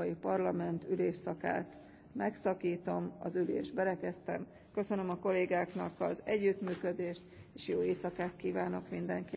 európai parlament ülésszakát megszaktom az ülés berekeztem. köszönöm a kollégáknak az együttműködést és jó éjszakát kvánok mindenkinek.